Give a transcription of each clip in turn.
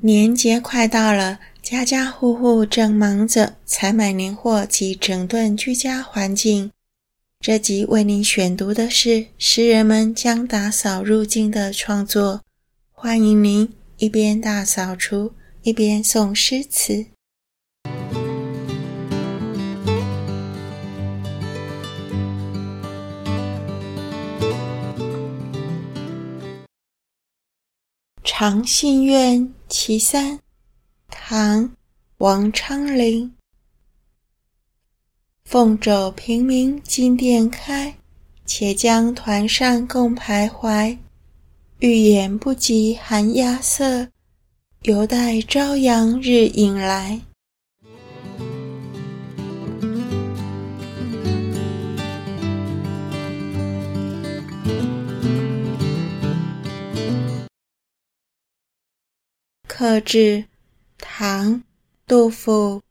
年節快到了，家家戶戶正忙着採買年貨及整頓居家環境。這集為您選讀的是詩人們將打掃入境的創作，歡迎您一邊大掃除，一邊誦詩詞。長信怨其三，唐·王昌齡。奉帚平明金殿開，且將團扇共徘徊。玉顏不及寒鴉色，猶帶朝陽日影來。客至，唐·杜甫。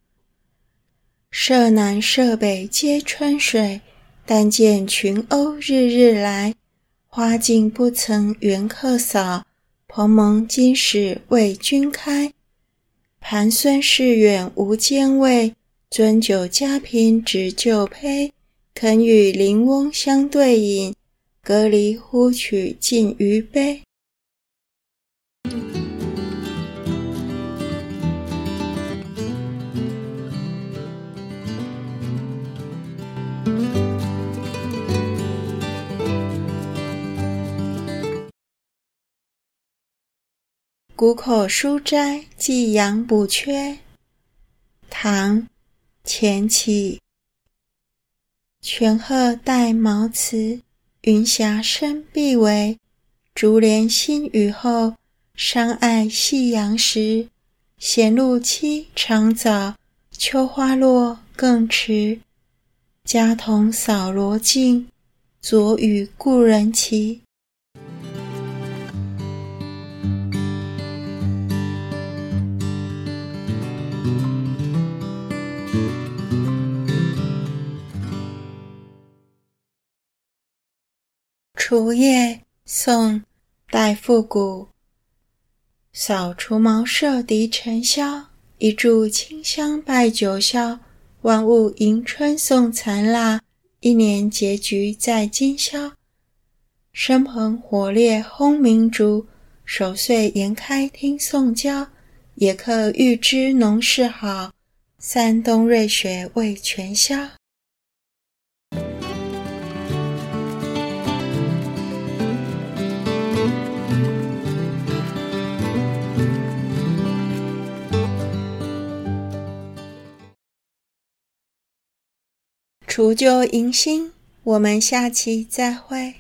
舍南舍北皆春水，但見群鷗日日來。花徑不曾緣客掃，蓬門今始為君開。盤飧市遠無兼味，樽酒家貧只舊醅。肯與鄰翁相對飲，隔籬呼取盡餘杯。谷口書齋寄楊補闕，唐·錢起。泉壑帶茅茨，雲霞生薜帷，竹憐新雨後，山愛夕陽時。閒鷺棲長早，秋花落更遲。家童掃蘿徑，昨與故人期。除夜，宋·戴復古。掃除茅舍滌塵囂，一炷清香拜九霄。萬物迎春送殘臘，一年結局在今宵。生盆火烈轟鳴竹，守歲筳開聽頌椒。野客預知農事好，三冬瑞雪未全消。除舊迎新，我們下期再會。